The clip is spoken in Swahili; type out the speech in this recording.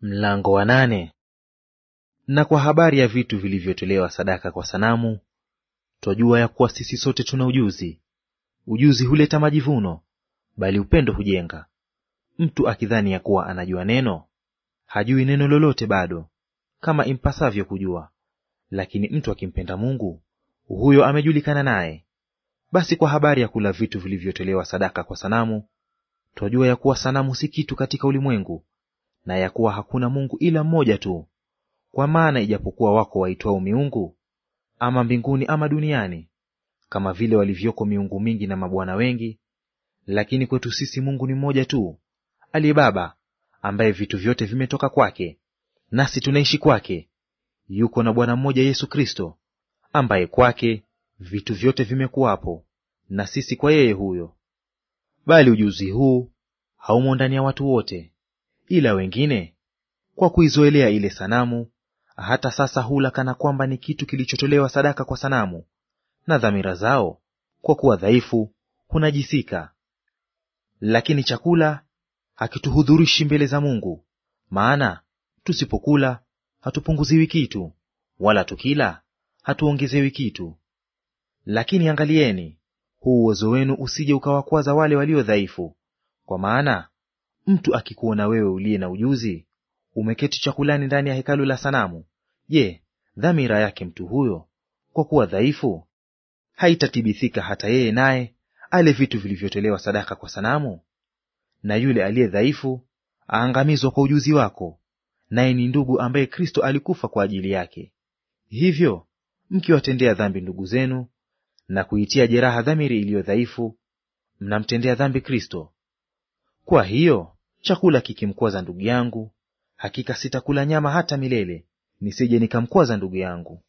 Mlango wa nane. Na kwa habari ya vitu vilivyotolewa sadaka kwa sanamu, twajua ya kuwa sisi sote tuna ujuzi. Ujuzi huleta majivuno, bali upendo hujenga. Mtu akidhani ya kuwa anajua neno, hajui neno lolote bado, kama impasavyo kujua. Lakini mtu akimpenda Mungu, huyo amejulikana naye. Basi kwa habari ya kula vitu vilivyotolewa sadaka kwa sanamu, twajua ya kuwa sanamu si kitu katika ulimwengu na ya kuwa hakuna Mungu ila mmoja tu. Kwa maana ijapokuwa wako waitwao miungu, ama mbinguni ama duniani, kama vile walivyoko miungu mingi na mabwana wengi, lakini kwetu sisi Mungu ni mmoja tu, aliye Baba, ambaye vitu vyote vimetoka kwake, nasi tunaishi kwake. Yuko na Bwana mmoja Yesu Kristo, ambaye kwake vitu vyote vimekuwapo, na sisi kwa yeye huyo. Bali ujuzi huu haumo ndani ya watu wote, Ila wengine kwa kuizoelea ile sanamu hata sasa hula kana kwamba ni kitu kilichotolewa sadaka kwa sanamu, na dhamira zao kwa kuwa dhaifu hunajisika. Lakini chakula hakituhudhurishi mbele za Mungu. Maana tusipokula hatupunguziwi kitu, wala tukila hatuongezewi kitu. Lakini angalieni, huu uwezo wenu usije ukawakwaza wale walio dhaifu. Kwa maana Mtu akikuona wewe uliye na ujuzi umeketi chakulani ndani ya hekalu la sanamu, je, dhamira yake mtu huyo, kwa kuwa dhaifu, haitatibithika hata yeye naye ale vitu vilivyotolewa sadaka kwa sanamu? Na yule aliye dhaifu aangamizwa kwa ujuzi wako, naye ni ndugu ambaye Kristo alikufa kwa ajili yake. Hivyo mkiwatendea dhambi ndugu zenu na kuitia jeraha dhamiri iliyo dhaifu, mnamtendea dhambi Kristo. Kwa hiyo Chakula kikimkwaza ndugu yangu, hakika sitakula nyama hata milele, nisije nikamkwaza ndugu yangu.